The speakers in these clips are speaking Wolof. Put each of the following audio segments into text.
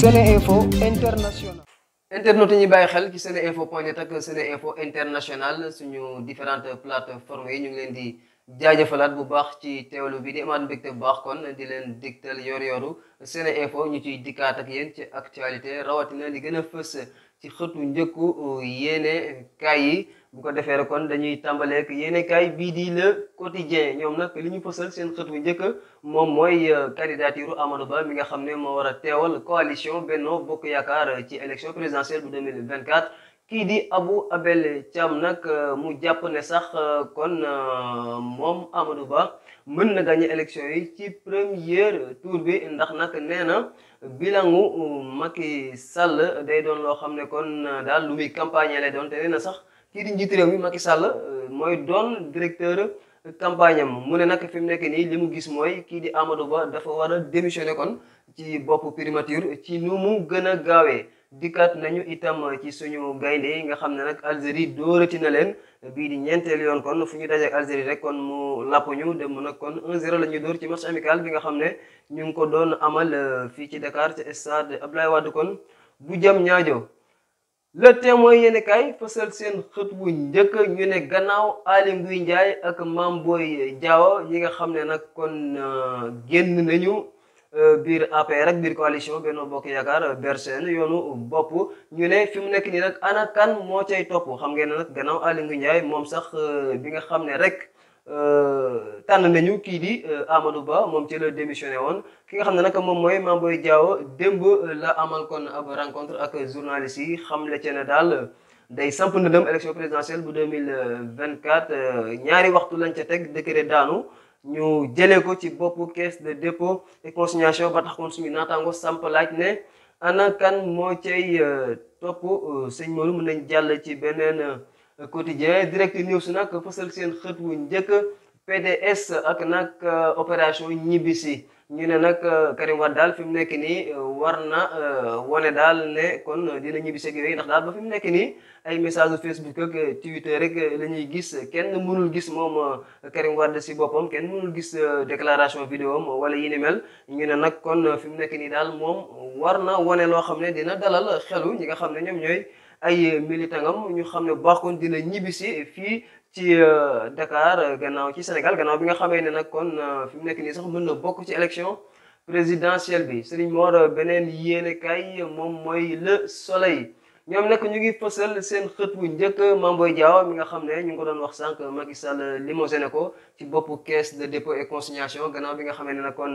Sene Info International internautes ñuy bàyyi xel ci Sene Info point net ak Info International suñu différentes plateformes yi ñu ngi leen di jaajëfalaat bu baax ci teewlu bi di amaat mbégte bu baax kon di leen digtal yor yoru Sene Info ñu ciy dikkaatak ak yéen ci actualité rawatina di gën a fës ci xëtu njëkku yéene kaay yi bu ko defee rek kon dañuy tàmbaleeg yéenekaay bii di le quotidien ñoom nag li ñu fësal seen xët wu njëkk moom mooy euh, candidature Amadou Ba mi nga xam ne moo war a teewal coalition Benno Bokk Yaakaar ci élection présidentielle bu 2024 kii di abu Abel Thiam nag euh, mu jàpp ne sax euh, kon moom Amadou Ba mën na gagné élection yi ci premier tour bi ndax nag nee na bilangu Macky Sall day doon loo xam ne kon daal lu muy campagne lay doon te nee na sax kii di njiitu réew mi Macky Sall euh, mooy doon directeur campagne am mu ne nag fi mu nekk nii li mu gis mooy kii di Amadou Ba dafa war a démissionné kon ci bopp primature ci nu mu gën a gaawee dikkaat nañu itam ci suñu gaynde yi nga xam ne nag Algérie dóorati na leen bii di ñeenteel yoon kon fu ñu dajeek Algérie rek kon mu làpp ñu dem nag kon 1-0 la ñu dóor ci match amical bi nga xam ne ñu ngi ko doon amal euh, fii ci Dakar ci stade Abdoulaye Wade kon bu jam ñaajo le témoin yéen kay fësal seen xët bu njëkk ñu ne gannaaw Aly Ngouille Ndiaye ak maam Boye Diao ñi nga xam ne nag kon euh, génn nañu euh, biir APR rek biir coalition Benno Bokk Yaakaar bersen yoonu bopp ñu ne fi mu nekk nii nag ana kan moo cay topp xam ngeen ne nag gannaaw Aly nguy Ndiaye moom sax euh, bi nga xam ne rek. Euh, tànn nañu kii di euh, Amadou Ba moom ci la démissionné woon ki nga xam ne nag moom mooy Mame Boye Diao démb la amal kon ab rencontre ak journaliste yi xam la ci ne daal day samp ndëndam élection présidentielle bu 2024 euh, ñaari waxtu lañ ca teg décret daanu ñu jëlee ko ci boppu caisse de dépôt et consignation ba taxoon suñu naataango samp laaj ne ana kan moo cay topp sëñ Modou mën nañ jàll ci beneen quotidien direct news nag fësal seen xët wu njëkk PDS ak nag euh, opération ñibbisi ñu ne nag euh, Karim Wade daal fi mu nekk nii euh, war na wane daal ne kon dina ñibbisi ak yooyu ndax daal ba fi mu nekk nii ay message Facebook ak Twitter rek la ñuy gis kenn mënul gis moom Karim Wade si boppam kenn mënul gis déclaration vidéo am wala yi ñu ne nag kon fi mu nekk nii daal moom war na wane loo xam ne dina dalal xelu ñi nga xam ne ñoom ñooy. ay militangam ñu xam ne baax Bakhoum dina ñibbisi fii ci euh, Dakar euh, gannaaw ci Sénégal gannaaw bi nga xamee ne nag kon euh, fi mu nekk ni sax mën na bokk ci élection présidentielle bi Serigne Mor beneen yéene kay moom mooy le soleil. ñoom nag ñu ngi fësal seen xët bu njëkk Mame Boye Diao mi nga xam ne ñu ngi ko doon wax sànq Macky Sall limogené ko ci boppu caisse de dépôt et consignation gannaaw bi nga xamee ne nag kon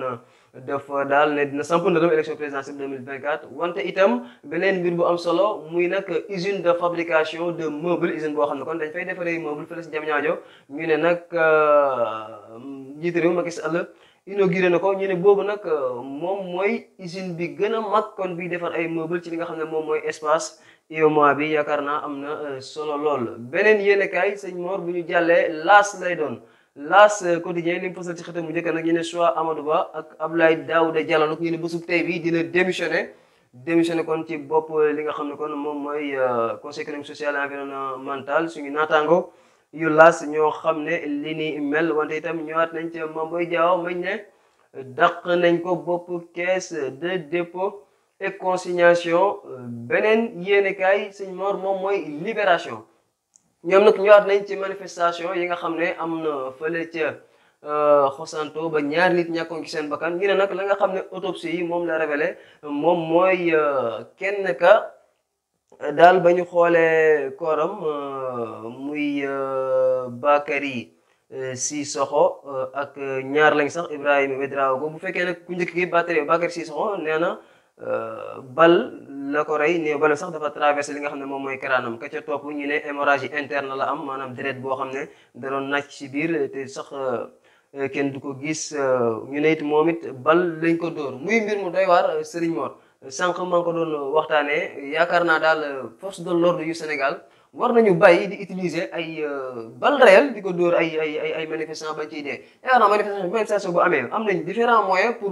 dafa daal ne dina samp ndëndam élection présidentielle 2024 wante itam beneen mbir bu am solo muy nag usine de fabrication de meubles usine boo xam ne kon dañ fay defaree meuble fële si Diamniadio ñu ne nag euh, njiitu réew Macky Sall inauguré na ko ñu ne boobu nag euh, moom mooy usine bi gën a mag kon biy defar ay meubles ci li nga xam ne moom mooy espace UEMOA bi yaakaar naa am na euh, solo lool beneen yéenekaay sëñ Mor bu ñu jàllee laas lay doon laas euh, quotidien li mu fësal ci xëtam mu njëkk nag ñu ne choix Amadou Ba ak Abdoulaye Daouda Diallo nag ñu ne bésub tey bi dina démissionné kon ci bopp euh, li nga xam ne kon moom mooy conseil social et environnemental suñu naataango yu laas ñoo xam ne li ni mel wante itam ñëwaat nañ ca Mame Boye Diao mañ ne dàq nañ ko bopp caisse de dépôt e consignation euh, beneen yéenekaay sëñ Mor moom mooy libération ñoom nag ñëwaat nañ ci manifestation yi nga xam ne am na fële ca euh, Xosanto ba ñaar nit ñàkkoon ci seen bakkan ñu ne nag la nga xam ne autopsie yi moom la révélé moom mooy euh, kenn ka daal ba ñu xoolee kooram muy Bakary Sissoko ak ñaar lañ sax Ibrahima Ouedraogo bu fekkee nag ku njëkk gi Bakary Sissoko nee na Euh, bal la ko rey néew bal sax dafa traversé li nga xam ne moom mooy karaanam ka ca topp ñu ne hémorragie interne la am maanaam deret boo xam ne da doon nàcc ci biir te sax euh, kenn du ko gis euh, ñu ne moom it bal lañ ko dóor muy mbir mu doy waar sëriñ Mor sànq maa ko doon waxtaanee yaakaar naa daal force de l'ordre yu Sénégal war nañu bàyyi di utiliser ay bal réel di ko dóor ay ay ay ay manifestant bañ ciy dee naa manifestation bu amee am nañ différents moyens pour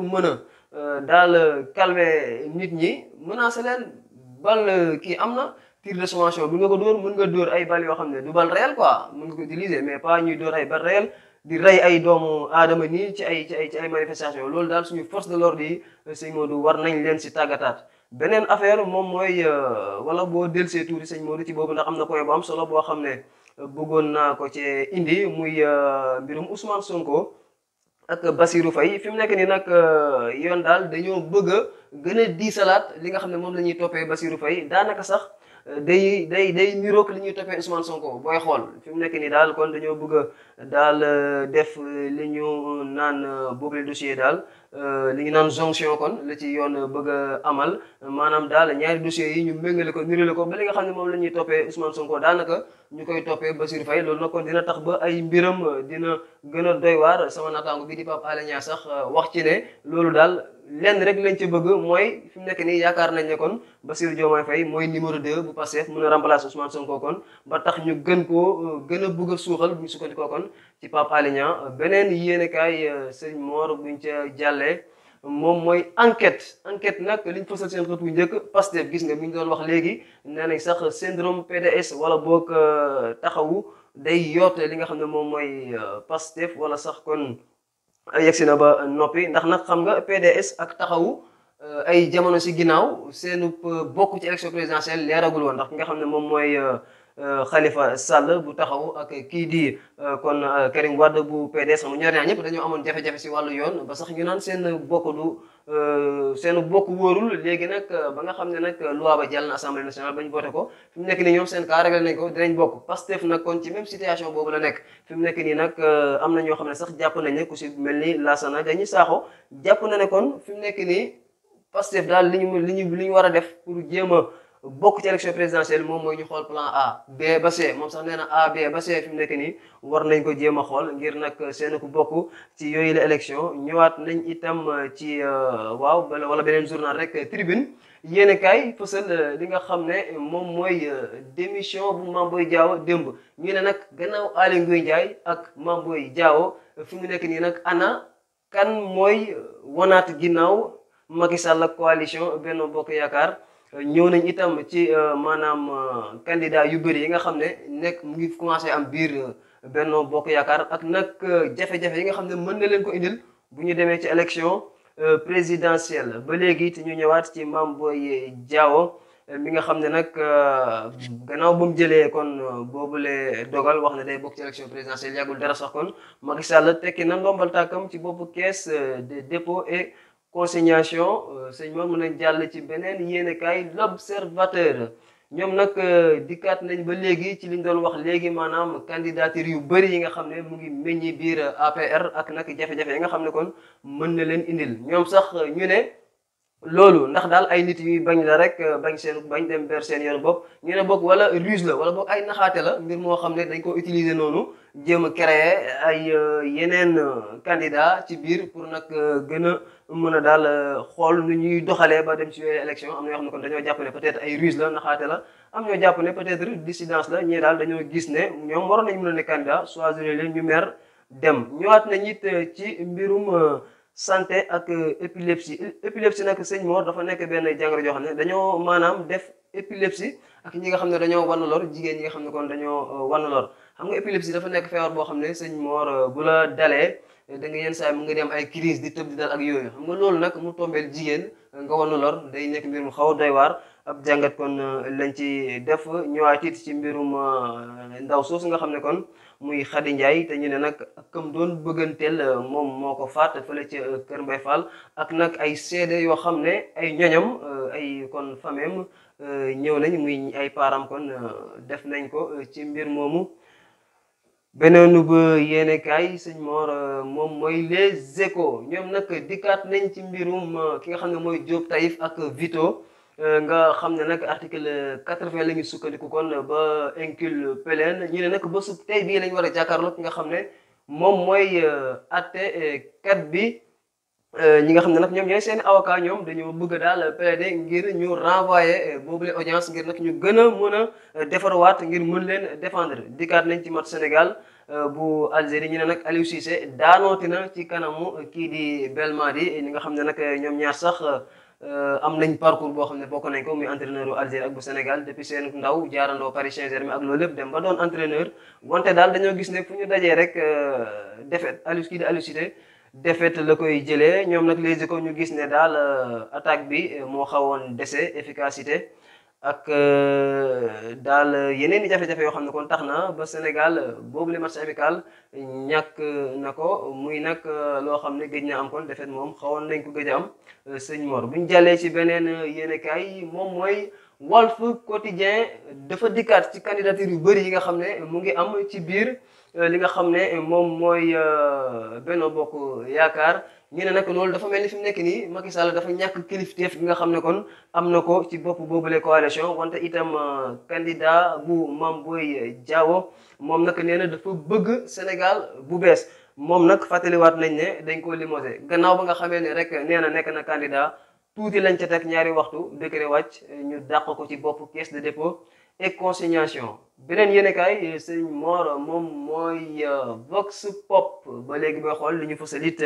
Euh, daal euh, calmer nit ñi menacer leen bal euh, kii am na tir de sommation bu nga ko dóor mun nga dóor ay bal yoo xam ne du bal réel quoi mën nga ko utiliser mais pas ñuy dóor ay bal réel di rey ay doomu aadama nii ci ay ay ci ay manifestation loolu daal suñu force de l'ordre yi sëñ Modou war nañ leen si tàggataat beneen affaire moom mooy wala boo delsee tuuti sëñ Modou ci boobu ndax am na point bu am solo boo xam ne bëggoon naa ko cee indi muy mbirum Ousmane Sonko ak Basirou Faye fi mu nekk nii nag euh, yoon daal dañoo bëgg a gën a diisalaat li nga xam ne moom la ñuy toppee Basirou Faye daanaka sax. day day day niroog li ñuy toppee Ousmane Sonko booy xool fi mu nekk nii daal kon dañoo bëgg a daal euh, def euh, li ñu naan euh, boobule dossier daal li ñu naan jonction kon la ci yoon bëgg a amal maanaam daal ñaari dossiers yi ñu méngale ko nirale ko ba li nga xam ne moom la ñuy toppee Ousmane Sonko daanaka ñu koy toppee Bassirou Faye loolu nag kon dina tax ba ay mbiram dina gën a doy waar sama naataango bi di Pape Alé Niang sax wax ci ne loolu daal. lenn rek lañ ci bëgg mooy fi mu nekk nii yaakaar nañ ne kon ba Bassirou Diomaye fay mooy numéro de bu Pastef mën a remplacer Ousmane Sonko kon ba tax ñu gën koo euh, gën a bugg a suuxal bu ñu sukkandikoo kon ci Pape Alé Niang beneen yéenekaay euh, sëñ Mor buñ ca jàllee moom mooy enquête enquête nag liñ fësal seen xët bu njëkk Pastef gis nga mi ñu doon wax léegi nee nañ sax syndrome PDS wala boog euh, taxawu day yoote li nga xam ne moom mooy Pastef wala sax kon yegsi na ba noppi ndax nag xam nga PDS ak taxawu euh, ay jamono si ginnaaw seenu euh, bokk ci élection présidentielle leeragul woon ndax ki nga xam ne moom mooy euh, Euh, Khalifa Sall bu taxaw ak kii di euh, kon euh, Karim Wade bu PDS mu ñaar ñaar ñëpp dañoo amoon jafe-jafe si wàllu yoon ba sax ñu naan seen bokk du seen bokk wóorul léegi nag ba nga xam ne nag loi ba jàll na assemblée nationale ba ñu ko fi mu nekk nii ñoom seen cas réglé nañ ko dinañ bokk Pastef nag kon ci même boobu la nekk fi mu nekk nii nag am ñoo xam ne sax jàpp nañ ne ku si mel ni Lassana dañuy saaxo jàpp na ne kon fi mu nekk nii Pastef daal li ñu li ñu war a def pour jéem a bokk ci élection présidentielle moom mooy ñu xool plan A B ba C moom sax nee na A B ba C fi mu nekk nii war nañ ko jéem a xool ngir nag seen ku bokk ci yooyu la élection ñëwaat nañ itam euh, ci euh, waaw wala beneen journal rek tribune yéen kaay fësal euh, li nga xam ne moom mooy démission bu Mame Boye Diao démb ñu ne nag gannaaw Aly Ngouille Ndiaye ak Mame Boye Diao fi mu nekk nii nag ana kan mooy wanaat ginnaaw Macky Sall ak coalition Benno Bokk Yaakaar ñëw nañ itam ci euh, maanaam euh, candidat yu bëri yi nga xam ne nekk mu ngi commencé am biir euh, benn Bokk Yaakaar ak nag jafe-jafe yi nga xam ne mën na leen ko indil bu ñu demee ci élection présidentielle ba léegi te ñu ñëwaat ci mbaam booy Diao bi nga xam ne nag gannaaw ba jëlee kon boobu lee dogal wax na day bokk ci élection présidentielle yàggul dara sax kon Macky Sall tekki na ndombal tàkkam ci boppu caisse de dépôt consignation euh, sëñ ma mën a jàll ci beneen yéenekaay l'observateur ñoom nag euh, dikkaat nañ ba léegi ci liñ doon wax léegi maanaam candidature yu bëri yi nga xam ne mu ngi meññi biir euh, APR ak nak jafe-jafe yi nga xam ne kon mën na leen indil ñoom sax ñu ne loolu ndax daal ay nit yuy bañ la rek bañ seen bañ dem ber seen yoon bopp ñu ne boog wala ruse la wala boog ay naxaate la mbir moo xam ne dañ ko utiliser noonu jéem a créer ay yeneen candidat ci biir pour mën a daal euh, xool nu ñuy doxalee ba dem ci yooyu am na yoo xam ne kon dañoo jàpp ne peut ay ruse la naxaate la am ñoo jàpp ne peut dissidence la ñii daal dañoo gis ne ñoom waroon nañu mën a ne candidat choisir leen ñu mer dem ñëwaat nañ it euh, ci mbirum euh, santé ak épilepsie épilepsie nag sëñ dafa nekk benn jàngoro joo xam ne dañoo maanaam def épilepsie ak ñi nga xam ne dañoo wan lor jigéen ñi nga xam ne kon dañoo wan lor xam nga épilepsie da nga yenn saa yi mu ngi dem ay crise di tëb di dal ak yooyu xam nga loolu nag mu tombeel jigéen nga wanu lor day nekk mbir mu xaw a doy waar ab jàngat kon euh, lañ ci def ñëwaat it ci mbirum euh, ndaw soosu nga xam ne kon muy Khady Ndiaye te ñu ne nag kam doon bëgganteel euh, moom moo ko faat fële ci Kër Mbay Fall ak nag ay seede yoo xam ne ay ñoñam ay kon fameem ñëw nañ muy ay paaram kon def nañ ko ci mbir moomu beneen ba yéene kaay sëñ euh, moom mooy les échos ñoom nag dikkaat nañ ci mbirum euh, ki nga xam ne mooy Diop Taïf ak Vito euh, nga xam ne nag article quatre-vingt la ñu sukkandiku kon ba inculpé leen ñu ne nag ba su tey bii la ñu war a jàkkaarloo ki nga xam ne moom mooy àttekat bi. Euh, ñi nga xam ne nag ñoom ñooy seen avocat ñoom dañoo bëgg daal plaider ngir ñu renvoyer euh, boobule audience ngir nag ñu gën a mën a euh, defarwaat ngir mën leen defendre dikkaat nañ ci match Sénégal bu Algérie ñu ne nag Aliou Cissé daanooti ci kanamu kii di Belmadi ñi nga xam ne nag ñoom ñaar sax am nañ parcours boo xam ne bokk nañ ko muy entraîneur bu Algérie ak bu Sénégal depuis seen ndaw jaarandoo Paris Saint-Germain ak loolu lépp dem ba doon entraîneur wante daal dañoo gis ne fu ñu dajee rek défaite Aliou kii di Aliou Cissé défaite la koy jëlee ñoom nag les ko ñu gis ne daal euh, attaque bi euh, moo xawoon dese efficacité ak euh, daal yeneen i jafe-jafe yoo xam ne kon tax naa ba Sénégal boobu le match amical ñàkk na ko muy nag loo xam ne géej na am kon défaite moom xawoon nañ ko gëj a am sëñ Mor bu ñu jàllee ci beneen yéenekaay moom mooy. Walf Quotidien dafa dikkaat ci candidature yu bëri yi nga xam ne mu ngi am ci biir Euh, li nga xam ne euh, moom mooy euh, benn Bokk Yaakaar ñu ne nag loolu dafa mel ni fi mu nekk nii Macky Sall dafa ñàkk kilifteef bi nga xam ne kon am na ko ci bopp boobule coalition wante itam candidat bu Mame Boye Diao moom nag neena dafa bëgg Sénégal bu bees moom nag fàttaliwaat nañ ne dañ ko limogé gannaaw ba nga xamee ne rek nee na nekk na candidat tuuti lañ ca teg ñaari waxtu décret wàcc ñu dàq ko ci bopp caisse de dépôt et consignation beneen yéenekaay sëñ Mor moom mooy euh, Vox Pop ba léegi booy xool li ñu fësal it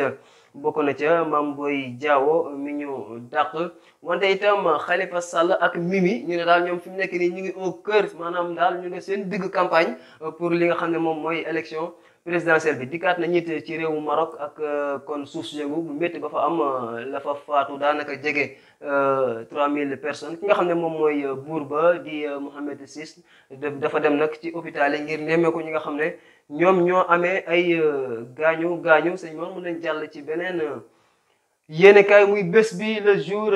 bokk na ca Mame booy Diao mi ñu dàq wante itam Khalifa Sall ak Mimi ñu ne daal ñoom fi mu nekk nii ñu ngi au cœur maanaam daal ñu ne seen digg campagne pour li nga xam ne moom mooy élection présidentielle bi dikkaat nañu it ci réewu Maroc ak euh, kon suuf si yëngu bu métti ba fa am euh, la fa faatu daanaka jege 3000 euh, personnes ki nga xam ne moom mooy buur ba di Mohamed VI dafa dem nag ci hôpital yi ngir nemmeeku ñi nga xam ne ñoom ñoo amee ay gaañu gaañu sëñ moom nañ jàll ci beneen yéenekaay muy bés bi le jour.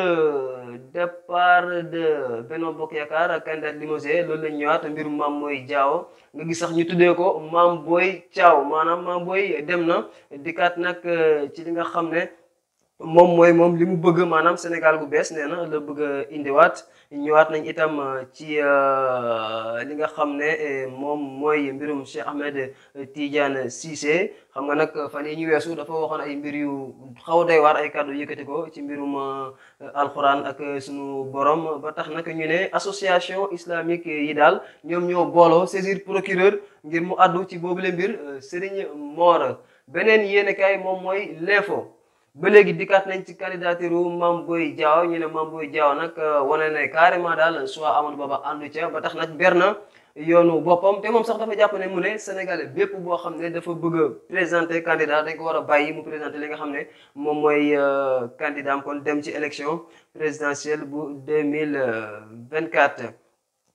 départ de Benno Bokk Yaakaar candidat limogé loolu lay ñëwaat mbirum Mame Boye Diao nga gis sax ñu tuddee ko Mame Boye Diao maanaam Mame dem na dikkaat nag euh, ci li nga xam ne moom mooy moom li mu bëgg maanaam Sénégal bu bees nee na la bëgg a indiwaat ñëwaat nañ itam euh, ci euh, li nga xam ne euh, moom mooy mbirum Cheikh Ahmed Tidiane Cissé xam nga nag fan yi ñu weesu dafa waxoon ay mbir yu xaw day waar ay kàddu yëkkati ko ci mbirum alxuraan ak sunu borom ba tax nag ñu ne association islamique yi daal ñoom ñoo booloo saisir procureur ngir mu àddu ci boobu la mbir Serigne Mor beneen yéenekaay moom mooy l'info ba léegi dikkaat nañ ci candidature Mame Boye jaaw ñu ne Mame Boye jaaw nag euh, wane ne carrément daal soit amoon Ba ba àndu ca ba tax nag ber na yoonu boppam te moom sax dafa jàpp ne mu ne Sénégalais bépp boo xam ne dafa bëgg a présenter candidat dañ ko war a bàyyi mu présenter li nga xam ne moom mooy euh, candidat am kon dem ci élection présidentielle bu mille vingt 2024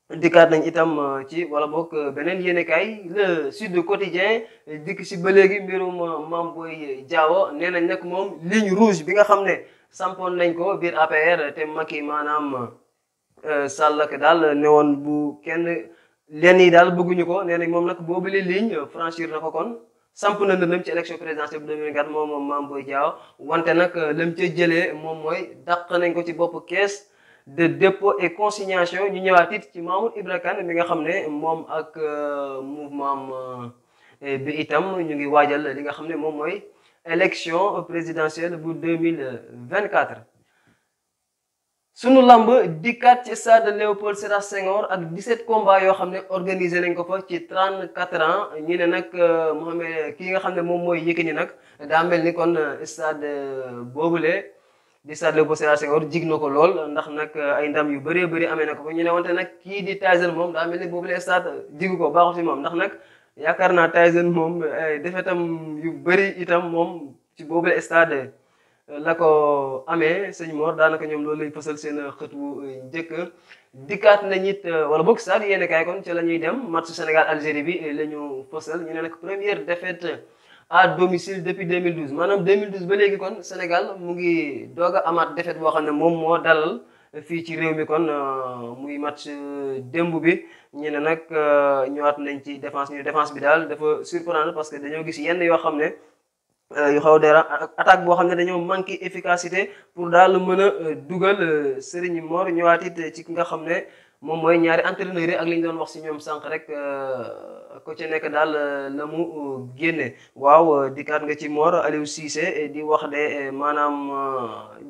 dikkaat nañ itam euh, ci wala boog euh, beneen yéenekaay le Sud Quotidien euh, dikk si ba léegi mbirum Mame Boye Diao nee nañ nag moom ligne rouge bi nga xam ne sampoon nañ ko biir APR te Macky maanaam Sall ak daal ne woon bu kenn lenn yi daal bëgguñu ko nee nañ moom nag boobu li ligne franchir na ko kon samp na ndëndam ci élection présidentielle bu moom moom Mame Boye wante nag lam ca jëlee moom mooy dàq nañ ko ci bopp kees de dépôt et consignation ñu ñëwaat it ci Mamour Ibra bi nga xam ne moom ak euh, mouvement euh, bi itam ñu ngi waajal li nga xam ne moom mooy élection présidentielle bu 2024 sunu lamb dikkaat ci stade Léopold Sédar Senghor ak 17 combats yoo xam ne organiser nañ ko fa ci trente 34 ans ñi ne nag euh, Mohamed ki nga xam ne moom mooy Yékini nag daa mel ni kon stade boobule di stade Léopold Sédar Senghor jig na ko lool ndax nag ay ndam yu bëree bëri amee na ko ñu ne wante nag kii di Tyson moom daa mel ni boobu la stade jigu ko baaxu si moom ndax nag yaakaar naa Tyson moom defetam yu bëri itam moom ci boobu la stade la sëñ Mor daanaka ñoom loolu lay fësal seen xët wu njëkk dikkaat nañ it wala boog stade yéen kaay kon ci la ñuy dem match Sénégal Algérie bi la ñu fësal ñu première défaite à domicile depuis 2012 maanaam 2012 ba léegi kon Sénégal mu ngi doog a amaat défaite boo xam ne moom moo dalal fii ci réew mi kon euh, muy match euh, démb bi ñu ne nag euh, ñëwaat nañ ci defance ñu défense bi daal dafa surprenant parce que dañoo gis yenn yoo xam ne yu xaw dara attaque boo xam ne dañoo manqué efficacité pour daal mën a dugal Serigne Mor ñëwaat it ci ki nga xam ne. moom mooy ñaari entraîneur yi ak li ñu doon wax si ñoom sànq rek euh, ko ci nekk daal la euh, mu euh, génne waaw dikkaat nga ci Mor Aliou Cissé di wax de maanaam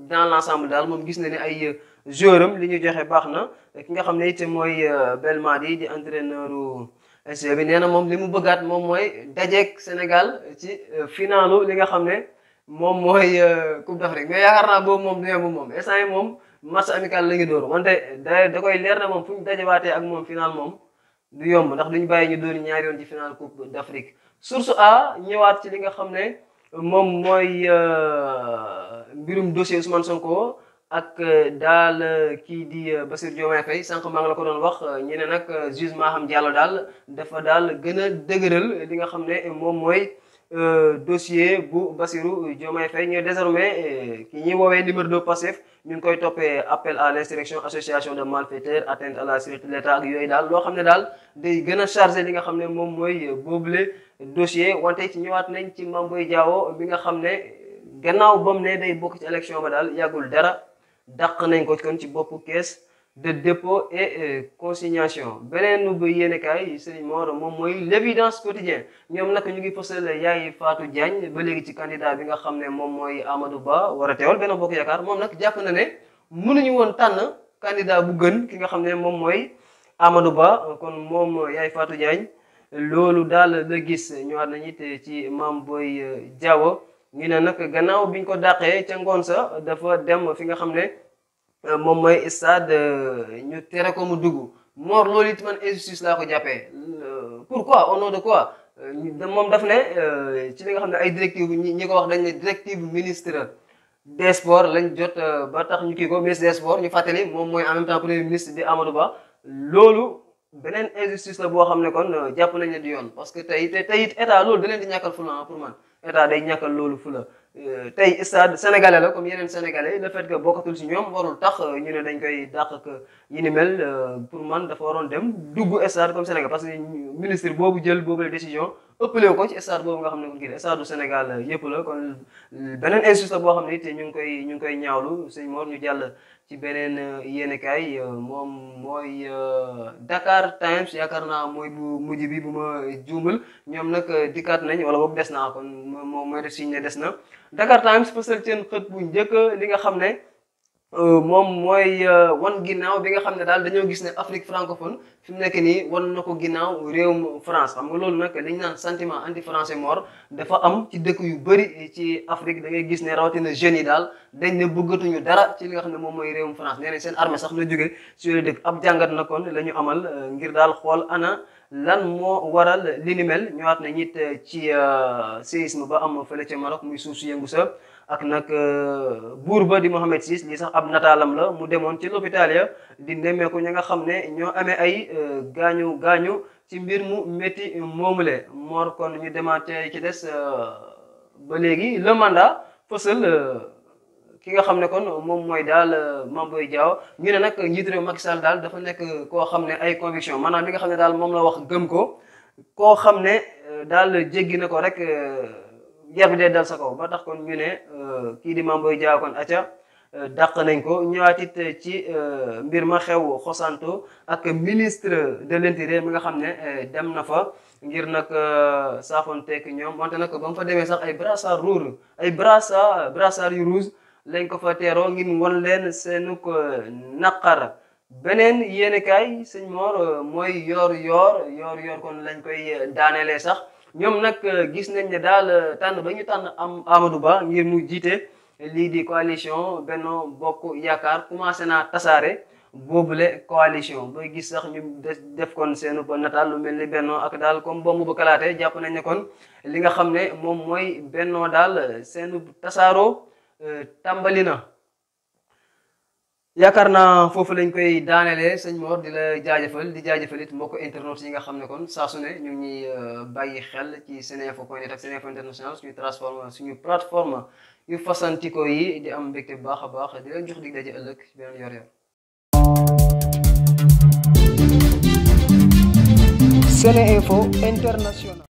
dans l'ensemble daal moom gis na ne ay joueur am li ñu joxe baax na ki nga xam ne it mooy Belmadi di entraîneur SC bi nee na moom li mu bëggaat moom mooy dajeek Sénégal ci finalu li nga xam ne moom mooy Coupe d'Afrique mais yaakaar naa boobu moom nee moom instant moom. match amical la door wante da da koy leer na moom fu ñu dajawaatee ak moom final moom du yomb ndax ñu bàyyi ñu dóor ñaari yoon ci final coupe d'Afrique source A ñëwaat ci li nga xam ne moom mooy euh, mbirum dossier Ousmane Sonko ak euh, daal euh, kii di Bassirou Diomaye Faye sànq maa ngi la ko doon wax ñu ne nag juge Maham Diallo daal dafa daal gën a dëgëral li nga xam ne moom mooy Euh, dossier bu Bassirou Diomaye Faye ñooy désormais euh, ki ñuy woowee numéro de Pastef ñu ngi koy toppee appel à l'insurrection association de malfaiteurs atteinte à la sûreté de l'État ak yooyu daal loo xam ne daal day gën a chargé li nga xam ne moom mooy euh, boobule dossier wante ci ñëwaat nañ ci Mame Boye Diao bi nga xam ne gannaaw bam ne day bokk ci élection ba daal yàggul dara dàq nañ ko kon ci boppu kees de dépôt et euh, consignation beneen bu yéenekaay Serigne Mor moom mooy l'évidence quotidien ñoom nag ñu ngi fësal yaay faatu Diagne ba léegi ci candidat bi nga xam ne moom mooy Amadou Ba war a teewal Benno Bokk Yaakaar moom nag jàpp na ne mënuñu woon tànn candidat bu gën ki nga xam ne moom mooy Amadou Ba kon moom yaay faatu Diagne loolu daal la gis ñëwaat nañu it ci Mame Boye euh, Diao ngi ne nag gannaaw biñ ko dàqee ca ngoon sa dafa dem fi nga xam ne. Euh, moom mooy stade euh, ñu tere ko mu dugg Mor loolu it man injustice laa ko jàppee euh, pourquoi au nom de quoi moom daf ne ci li nga xam ne ay directive ñi ko wax dañ ne directive ministre des sports lañ jot ba tax ñu kii ko ministre des sports ñu fàttali moom mooy en même temps premier ministre di Amadou Ba loolu beneen injustice la boo xam ne kon jàpp nañ ne du yoon parce que tey tey it état loolu da leen di ñàkkal fula ah, pour man état day ñàkkal loolu fula tey stade sénégalais la comme yeneen sénégalais le fait que bokkatul si ñoom warul tax euh, ñu ne dañ koy dàq ak euh, yi ni mel euh, pour man dafa waroon dem dugg stade comme Sénégal parce que ministre boobu jël boobu la décision. ëppale ko ci stade boobu nga xam ne ngir stade du Sénégal yëpp la kon beneen insulte boo xam ne it ñu ngi koy ñu ngi koy ñaawlu sëñ Mor ñu jàll ci beneen euh, yéenekaay euh, moom mooy euh, dakaar Times yaakaar naa mooy bu mujj bi bu ma juumal ñoom nag dikkaat nañ wala boog des naa kon moom mooy def siñ ne des na Dakar Times fësal seen xët bu njëkk li nga xam ne Euh, moom mooy euh, wan ginnaaw bi nga xam ne daal dañoo gis ne Afrique francophone fi mu nekk nii wan na ko ginnaaw réewum France xam nga loolu nag li ñu naan sentiment anti français mort dafa am ci dëkk yu bëri ci Afrique da ngay gis ne rawatina jeunes yi daal dañ ne bëggatuñu dara ci li nga xam ne moom mooy réewum France nee seen armée sax la jóge si yooyu dëkk ab jàngat na kon la ñu amal euh, ngir daal xool ana. lan moo waral li ni mel ñëwaat na ñit eh, ci eh, séisme ba am fële ca Maroc muy suuf su yëngu sa ak nag eh, buur ba di Mohamed VI lii sax ab nataalam la mu demoon ci l'hôpital ya di nemmeeku ñi nga xam ne ñoo amee ay gaañu gaañu ci mbir mu métti moomule moor kon ñu demaat ci des ba léegi le mandat fësal ki nga xam ne kon moom mooy daal euh, Mame Boye Diao ñu ne nag njiit réew Macky Sall daal dafa nekk euh, koo xam ne ay conviction maanaam li nga xam ne daal moom la wax gëm ko koo xam ne euh, daal jéggi na ko rek yar bi dal sa kaw ba tax kon ñu ne kii di Mame Boye Diao kon acca dàq nañ ko ñëwaat it ci mbir ma xew xosanto ak ministre de l'intérieur mi nga xam ne dem na fa ngir nag saafoon tekk ñoom wante na ko mu fa demee sax ay brassard rouge ay brassard brassard yu lañ ko fa teeroo ngir won leen seenuk naqar beneen yéenekaay sëñ Mor mooy yoor yoor yoor yoor kon lañ koy daanelee sax ñoom nag euh, gis nañ ne daal euh, tànn ba ñu tànn am Amadou Ba ngir mu jiite lii di coalition Benno Bokk Yaakaar commencé naa tasaare boobule coalition ba gis sax ñu def kon seenu ba nataal lu mel ni Benno ak daal comme bomb ba kalaatee jàpp nañ ne kon li nga xam ne moom mooy Benno daal euh, seenu tasaaroo Euh, tàmbali na yaakaar naa foofu lañ koy daanelee sëñ Mor di la jaajëfal di jaajëfal it mbokk internautes yi nga xam ne kon saa su ne ñu ngi euh, bàyyi xel ci seneinfo point net ak seneinfo international suñu transforme suñu plateforme yu fasantikoo yi di am mbégte bu baax a baax di leen jox dig daje ëllëg beneen yor yor Seneinfo International